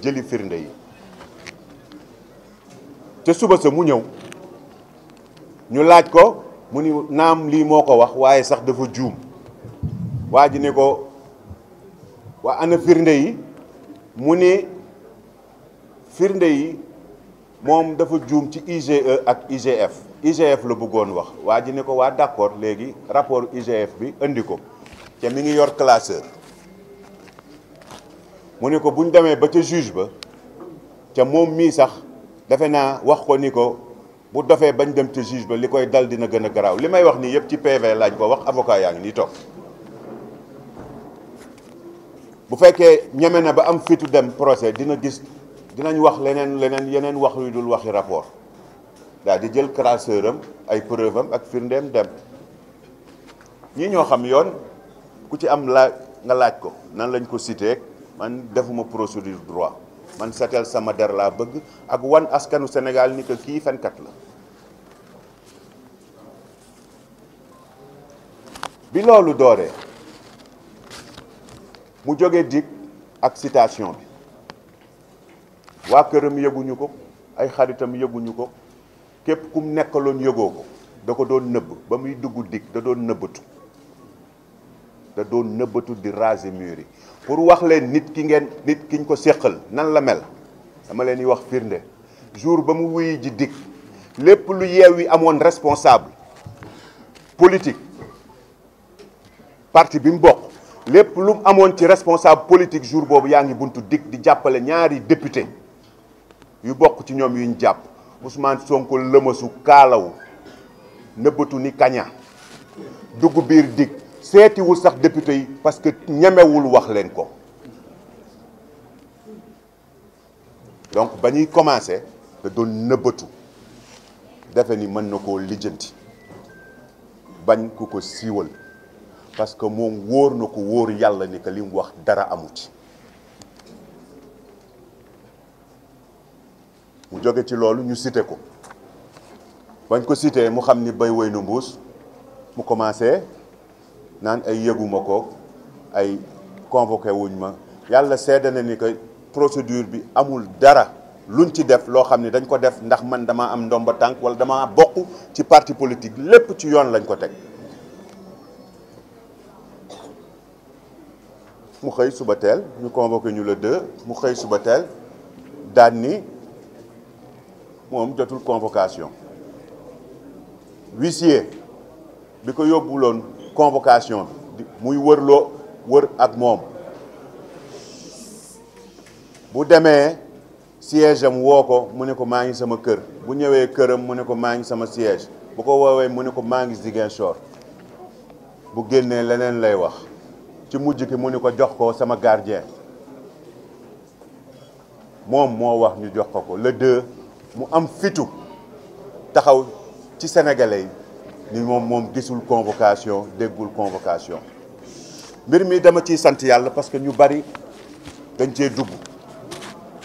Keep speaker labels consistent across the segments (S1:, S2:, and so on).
S1: jëli firnde yi te suba sa mu ñëw ñu laaj ko mu ni naam lii moo ko wax waaye sax dafa juum waa ji ne ko waa ana firnde yi mu ni firnde yi moom dafa juum ci IGE ak IGF IGF la bëggoon wax waa ji ne ko waa d'accord léegi rapport IGF bi indi ko te mi ngi yor classeur mu ne ko bu ñu demee ba ca juge ba ca moom mii sax defe naa wax ko ni ko bu dofee bañ dem ca juge ba li koy dal dina gën a garaaw li may wax nii yëpp ci PV laaj ko wax avocat yaa ngi nii toog bu fekkee ñeme na ba am fitu dem procès dina gis dinañ wax leneen leneen yeneen wax yu dul waxi rapport daal di jël crasseur am ay preuve am ak firndeem dem ñii ñoo xam yoon ku ci am laaj nga laaj ko nan lañ ko cité. man defuma procédure droit man setal sama der laa bëgg ak wan askanu senegal ni que kii fenkat la bi loolu dooree mu jóge dikk ak citation bi waa këram yëguñu ko ay xaritam yëguñu ko képp kum nekkaloon yëgoo ko da ko doon nëbb ba muy dugg dikk da doon nëbbatu da doon nëbbatu di raser mur yi pour wax leen nit ki ngeen nit kiñ ko séqal nan la mel dama leen yi wax firnde jour ba mu wuy ji dikk lépp lu yeew yi amoon responsable politique parti bi mu bokk lépp lu amoon ci responsable politique jour boobu yaa ngi buntu dikk di jàppale ñaari député yu bokk ci ñoom yuñ jàpp Ousmane Sonko lëmasu kaalawu nëbbatu ni kaña dugg biir dikk seetiwul sax député yi parce que ñemewul wax leen ko donc ba ñuy commencé da doon nëbbatu defe ni mën na koo lijjanti bañ ku ko siiwal parce que moom wóor na ko wóor yàlla ni que li wax dara amu ci mu jóge ci loolu ñu cité ko bañ ko cité mu xam ni bay woy na mbuus mu commencé naan ay yëguma ko ay convoqué wuñ ma yàlla seede na ni que procédure bi amul dara luñ ci def loo xam ne dañ ko def ndax man dama am ndomba tànk wala dama bokk ci parti politique lépp ci yoon lañ ko teg mu xëy suba teel ñu convoqué ñu le deux mu xëy suba teel daan ni moom jotul convocation huissier bi ko yóbbuloon convocation bi muy wërloo wër ak moom bu demee siège am woo ko mu ne ko maa ngi sama kër bu ñëwee këram mu ne ko maa ngi sama siège bu ko woowee mu ne ko maa ngi Ziguinchor bu génnee leneen lay wax ci mujj ki mu ne ko jox ko sama gardien moom moo wax ñu jox ko ko le deux mu am fitu taxaw ci sénégalais yi ni moom moom gisul convocation déggul convocation mbir mi dama ciy sant yàlla parce que ñu bari dañ cee dugg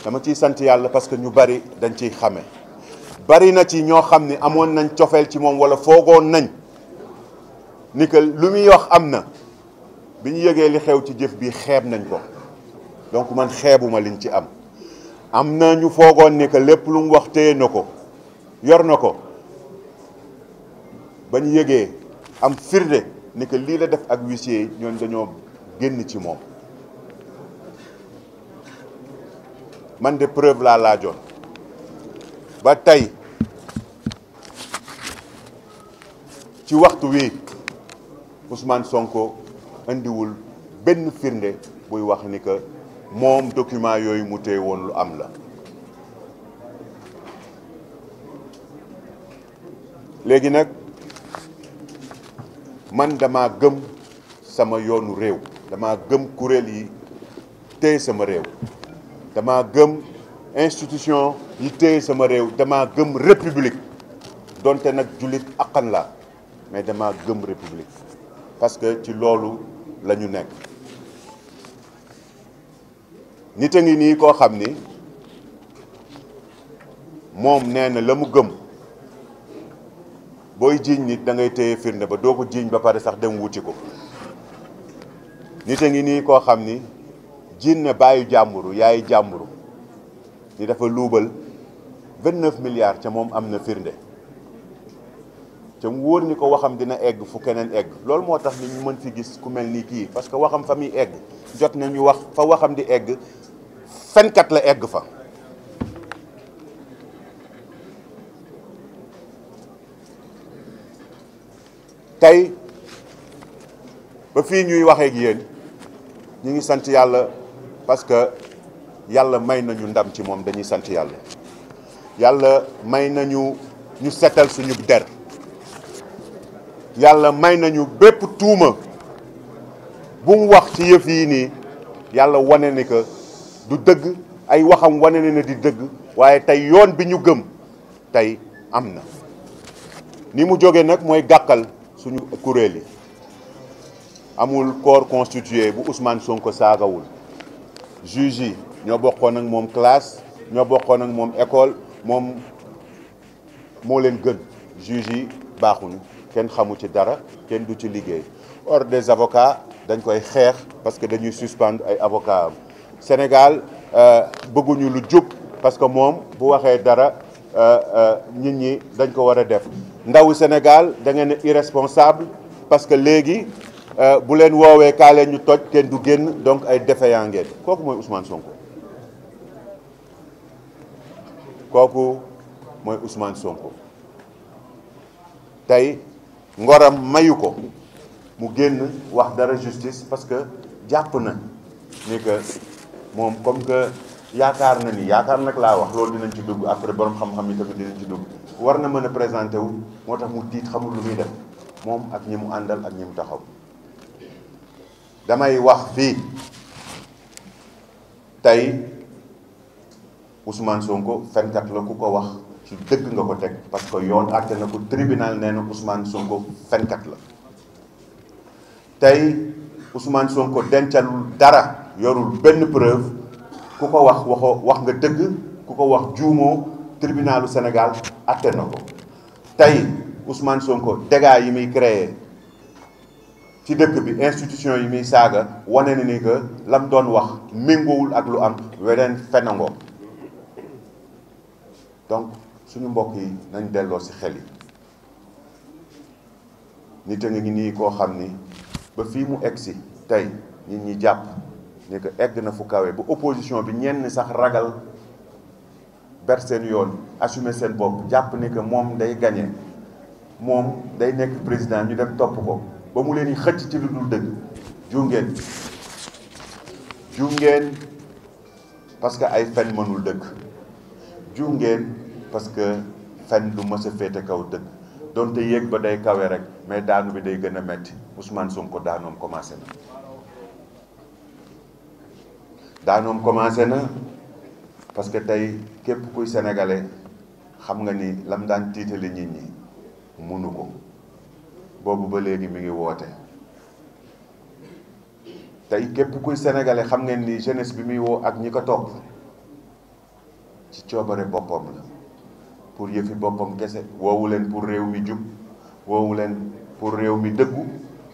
S1: dama ciy sant yàlla parce que ñu bari dañ ciy xame bari na ci ñoo xam ni amoon nañ cofeel ci moom wala foogoon nañ ni que lu muy wax am na bi ñu yëgee li xew ci jëf bi xeeb nañ ko donc man xeebuma liñ ci am am na ñu foogoon ni que lépp lu mu wax téye na ko yor na ko ba ñu yëgee am firnde ni que lii la def ak huissier yi ñoon dañoo génn ci moom man de preuve laa laajoon ba tey ci waxtu wi Ousmane Sonko indiwul benn firnde buy wax ni que moom document yooyu mu téye woon lu am la léegi nag man dama gëm sama yoonu réew damaa gëm kuréel yi téye sama réew damaa gëm institution yi téye sama réew damaa gëm république donte nag jullit akkan la mais dama gëm république parce que ci loolu la ñu nekk nit a ngi nii koo xam ni moom nee na la mu gëm booy jiiñ nit dangay ngay téye firnde ba doo ko jiiñ ba pare sax dem wuti ko nit a ngi nii koo xam ni jiin ne bàyyi jàmburu yaayi jàmburu ni dafa luubal vingt-neuf milliards ca moom am na firnde ca mu wóor ni ko waxam dina egg fu keneen egg loolu moo tax ni ñu mën fi gis ku mel ni kii parce que waxam fa muy egg jot nañu wax fa waxam di egg fenkat la egg fa tey ba fii ñuy waxee ak ñu ngi sant yàlla parce que yàlla may nañu ndam ci moom dañuy sant yàlla yàlla may nañu ñu setal suñu der yàlla may nañu bépp tuuma bu mu wax ci yëf yi nii yàlla wane ne du dëgg ay waxam wane ne di dëgg waaye tey yoon bi ñu gëm tey am na ni mu jógee nag mooy gàkkal suñu kuréel yi amul corps constitué bu Ousmane Sonko saagawul juge yi ñoo bokkoon ak moom classe ñoo bokkoon ak moom école moom moo leen gën juge yi baaxuñu kenn xamu ci dara kenn du ci liggéey ordre des avocats dañ koy xeex parce que dañuy suspendre ay avocats am Sénégal euh, bëgguñu lu jub parce que moom bu waxee dara euh, euh, nit ñi dañ ko war a def ndawu Sénégal da ngeen irresponsable parce que léegi euh, bu leen woowee kaa ñu toj kenn du génn donc ay défaillant ngeen kooku mooy Ousmane Sonko kooku mooy Ousmane Sonko tey ngoram mayu ko mu génn wax dara justice parce que jàpp na ni que moom comme que yaakaar na ni yaakaar nag laa wax loolu dinañ ci dugg après borom xam-xam yi tamit dinañ ci dugg war na mën a présenté wu moo tax mu tiit xamul lu muy def moom ak ñi mu àndal ak ñi mu taxaw damay wax fii tey Ousmane Sonko fenkat la ku ko wax ci dëgg nga ko teg parce que yoon àtte na ko tribunal nee na Ousmane Sonko fenkat la tey Ousmane Sonko dencalul dara yorul benn preuve ku ko wax waxoo wax nga dëgg ku ko wax juumoo tribunalu Sénégal atte na ko tey Ousmane Sonko dégâts yi muy créer ci dëkk bi institution yi muy saaga wane na ni que lam doon wax méngoowul ak lu am weneen fenango donc suñu mbokk yi nañ delloo si xel yi nit a ngi nii koo xam ni ba fii mu egg si tey nit ñi jàpp ni egg na fu kawe bu opposition bi ñenn sax ragal ber seen yoon assumer seen bopp jàpp ne que moom day gagné moom day nekk président ñu def topp ko ba mu leen di xëcc ci lu dul dëgg jungeen jungeen parce que ay fen mënul dëgg jungeen parce que fen du mës a féete kaw dëgg donte yéeg ba day kawe rek mais daanu bi day gën a metti Ousmane Sonko daanoom commencé na daanoom commencé na parce que tey képp kuy sénégalais xam nga ni lam daan tiitali nit ñi munu ko boobu ba léegi mi ngi woote tey képp kuy sénégalais xam ngeen ni jeunesse bi muy woo ak ñi ko topp ci coobare boppam la pour yëfi boppam kese woowu leen pour réew mi jub woowu leen pour réew mi dëggu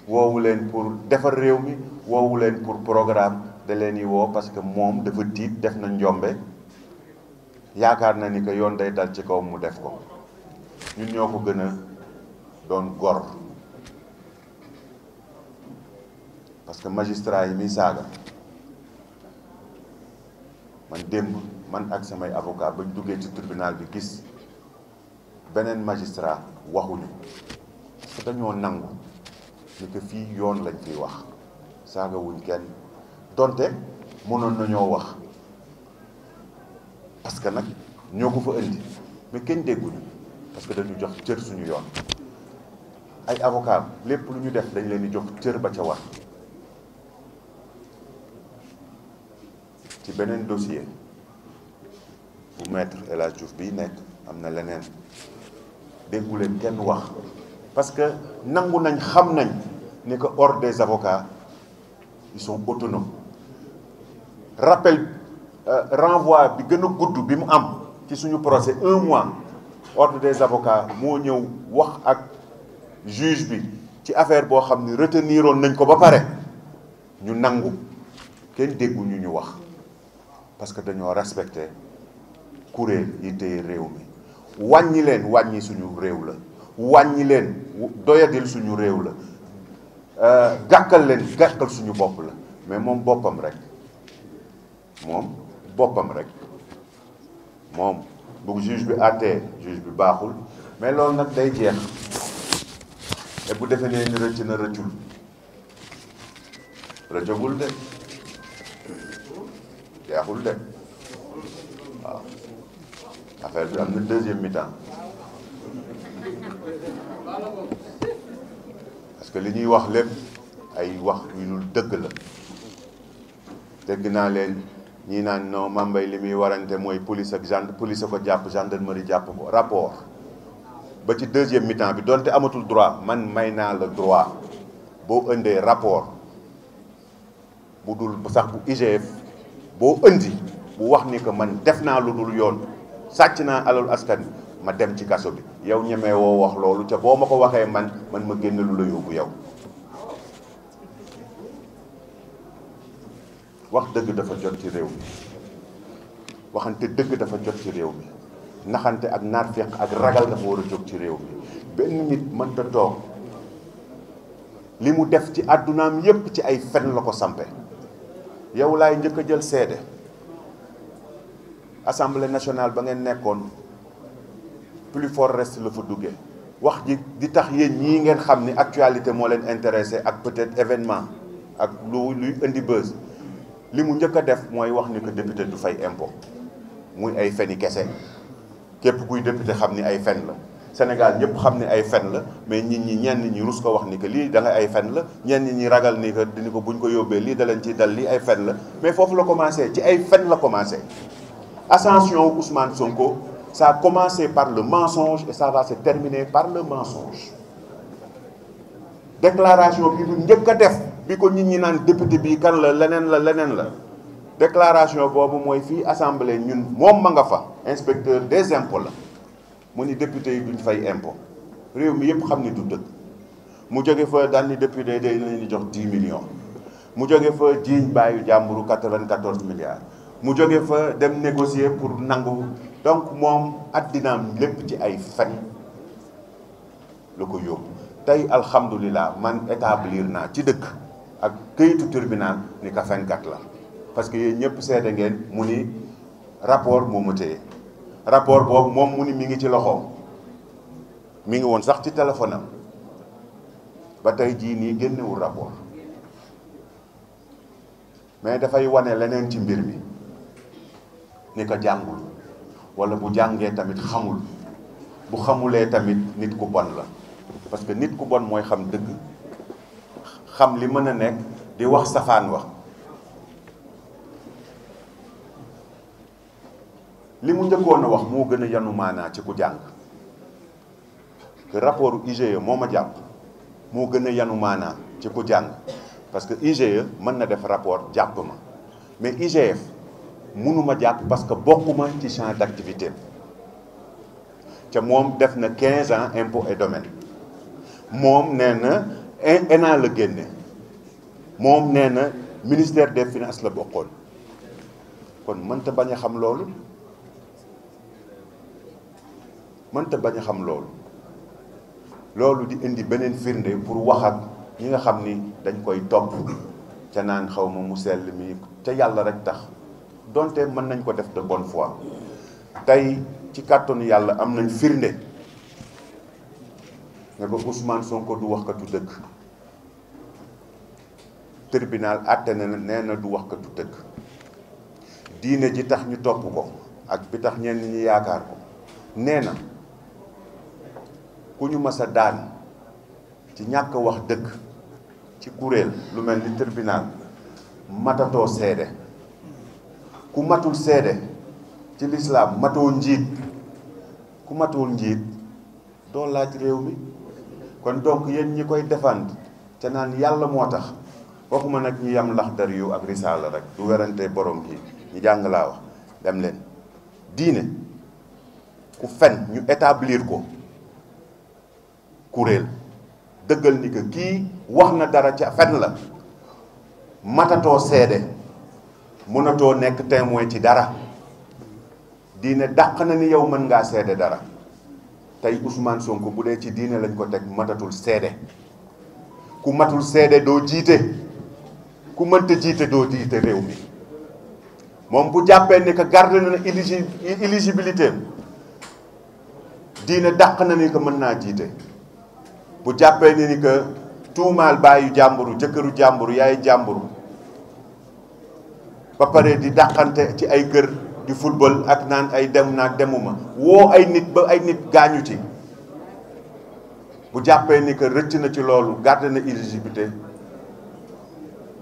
S1: woowu leen pour defar réew mi woowu leen pour programme da leen yi woo parce que moom dafa tiit def na njombe yaakaar na ni que yoon day dal ci kaw mu def ko ñun ñoo ko gën a doon gor parce que magistrat yi muy saaga man démb man ak samay avocat bañ duggee ci tribunal bi gis beneen magistra waxuñu parce que dañoo nangu ni que fii yoon lañ fiy wax saaga wuñ kenn donte mënoon nañoo wax parce que nag ñoo ko fa indi mais kenn dégguñu parce que dañu jox cër suñu yoon ay avocat lépp lu ñu def dañ leen di jox cër ba ca wax ci beneen dossier bu maître El Hadj Diouf bii nekk am na leneen déggu leen kenn wax parce que nangu nañ xam nañ ne que hors des avocats ils sont autonomes Euh, renvoi bi gën a gudd bi mu am ci suñu procès un mois ordre de avocats moo ñëw wax ak juge bi ci affaire boo xam ne reteniroon nañ ko ba pare ñu nangu kenn déggu ñu ñu wax parce que dañoo respecté kuréel yi téye réew mi wàññi leen wàññi suñu réew la wàññi leen doyadil suñu réew la euh, gàkkal leen gàkkal suñu bopp la mais moom boppam rek moom boppam rek moom bu juge bi àttee juge bi baaxul mais loolu nag day jeex te bu defee nee ni rëcc na rëccul rëccagul de jeexul de waaw affaire bi am na deuxième mi-temps parce que li ñuy wax lépp ay wax yu dul dëgg la dégg naa leen ñii naan non Mame Mbaye li muy warante mooy police ak gendarme police a ko jàpp gendarmerie jàpp ko rapport ba ci deuxième mi-temps bi donte amatul droit man may naa la droit boo ëndee rapport bu dul sax bu ugf boo ëndi bu wax ni que man def naa lu dul yoon sàcc naa alalu askan bi ma dem ci kaso bi yow ñemee woo wax loolu ca boo ma ko waxee man man ma génn lu la yóbbu yow wax dëgg dafa jot ci réew mi waxante dëgg dafa jot ci réew mi naxante ak naafeq ak ragal dafa war a jóg ci réew mi benn nit mënta toog li mu def ci àddunaam yépp ci ay fen la ko sampe yow laay njëkk jël seede assemblée nationale ba ngeen nekkoon plus fort reste la fa duggee wax ji di tax yéen ñii ngeen xam ni actualité moo leen intéressé ak peut-être événement ak lu luy indi buzz li mu njëkk a def mooy wax ni que député du fay importe muy ay feni kese képp kuy député xam ni ay fen la Sénégal ñëpp xam ni ay fen la mais nit ñi ñenn ñi rus ko wax ni que lii da ay fen la ñenn ñi ragal ni que ko buñ ko yóbbee lii da leen ci dal lii ay fen la mais foofu la commencé ci ay fen la commencé ascension Ousmane Sonko ça a commencé par le mensonge et ça va se terminer par le mensonge déclaration bi du njëkk a def bi ko nit ñi naan député bi kan la leneen la leneen la déclaration boobu mooy fii assemblée ñun moom ma nga fa inspecteur des impôts la mu ni député yi duñ fay impo réew mi yëpp xam ni du dëkk mu jóge fa daal ni député day di jox 10 millions mu jóge fa jiiñ bàyyi jàmburu 94 milliards mu joge fa dem négocier pour nangu donc moom addinaam lépp ci ay fen lu ko yóbbu tey alhamdulilah man établir naa ci dëkk ak këyitu tribunal ni ka fenkat la parce que yéen ñëpp seete ngeen mu ni rapport moo ma téye rapport boobu moom mu ni mi ngi ci loxoom mi ngi woon sax ci téléphone am ba tey jii nii génnewul rapport mais dafay wane leneen ci mbir mi ni ko jàngul walla bu jàngee tamit xamul bu xamulee tamit nit ku bon la parce que nit ku bon mooy xam dëgg xam li mën a nekk di wax safaan wax li mu njëkkoon a wax moo gën a yanu maanaa ci ku jàng te rapport e moo ma jàpp moo gën a yanu maanaa ci ku jàng parce que IGE mën na def rapport jàpp ma mais IGF mënuma jàpp parce que bokkuma ci champ d'activité te moom def na 15 ans impôt et domaine moom nee ENA la génne moom nee na ministère des finances la bokkoon kon mënta bañ a xam loolu mënta bañ a xam loolu loolu di indi beneen firnde pour wax ak ñi nga xam ni dañ koy topp ca naan xaw ma mu sell mi ca yàlla rek tax donte mën nañ ko def te bon foi tey ci kàttanu yàlla am nañ firnde ne ba Ousmane ko du waxkatu dëgg tribunal àtte na nee na du wax katu dëgg diine ji tax ñu topp ko ak bi tax ñenn ñi yaakaar ko nee na ku ñu mës daan ci ñàkk wax dëgg ci kuréel lu mel ni tribunal matatoo seede ku matul seede ci lislaam matoo njiit ku matul njiit doo laaj réew mi kon donc yéen ñi koy défendre te naan yàlla moo tax waxuma nag ñi yam laxdar yu ak risaala rek du werante borom yi ñu jàng laa wax dem leen diine ku fen ñu établir ko kuréel dëggal ni que kii wax na dara ca fen la matatoo seede mënatoo nekk témoin ci dara diine dàq na ni yow mën ngaa seede dara tey Ousmane Sonko bu dee ci diine lañ ko teg matatul seede ku matul seede doo jiite ku mënta jiite doo jiite réew mi moom bu jàppee ni que garde na éligi éligibilité diina dàq na ni que mën naa jiite bu jàppee ne ni que tuumaal baayu jàmburu jëkkëru jàmburu yaay jàmburu ba pare di dàqante ci ay kër di football ak naan ay dem naag demuma woo ay nit ba ay nit gaañu ci bu jàppee ni que rëcc na ci loolu garde na éligibilité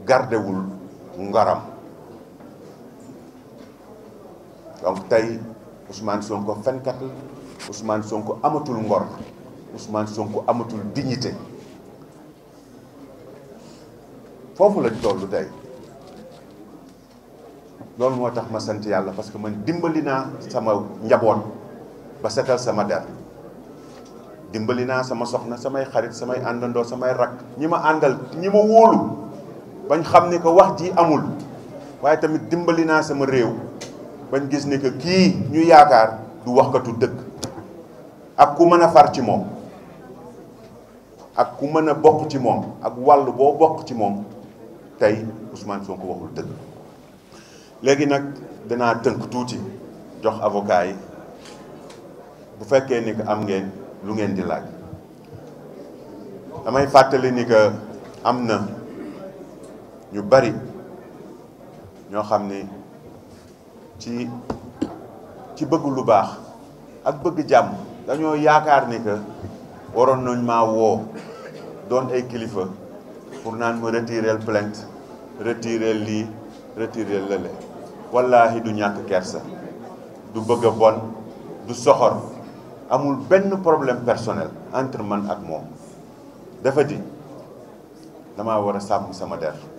S1: gardewul ngaram donc tey Ousmane Sonko fenkat la Ousmane Sonko amatul ngor Ousmane Sonko amatul dignité foofu lañ tollu tey loolu moo tax ma sant yàlla parce que man dimbali naa sama njaboot ba setal sama der dimbali naa sama soxna samay xarit samay àndandoo samay rakk ñi ma àndal ñi ma wóolu bañ xam ne ko wax ji amul waaye tamit dimbali naa sama réew bañ gis ni que kii ñu yaakaar du waxkatu dëkk ak ku mën a far ci moom ak ku mën a bokk ci moom ak wàll boo bokk ci moom tey Ousmane Sonko waxul dëgg léegi nag danaa tënk tuuti jox avocat yi bu fekkee ni que am ngeen lu ngeen di laaj damay fàttali ni que am na ñu bari ñoo xam ni ci ci bëgg lu baax ak bëgg jàmm dañoo yaakaar ni que waroon nañ maa woo doon ay kilifa pour naan ma retirer plainte retirer lii retirer la wallaahi du ñàkk kersa du bëgg bon du soxor amul benn problème personnel entre man ak moom dafa di damaa war a sàmm sama der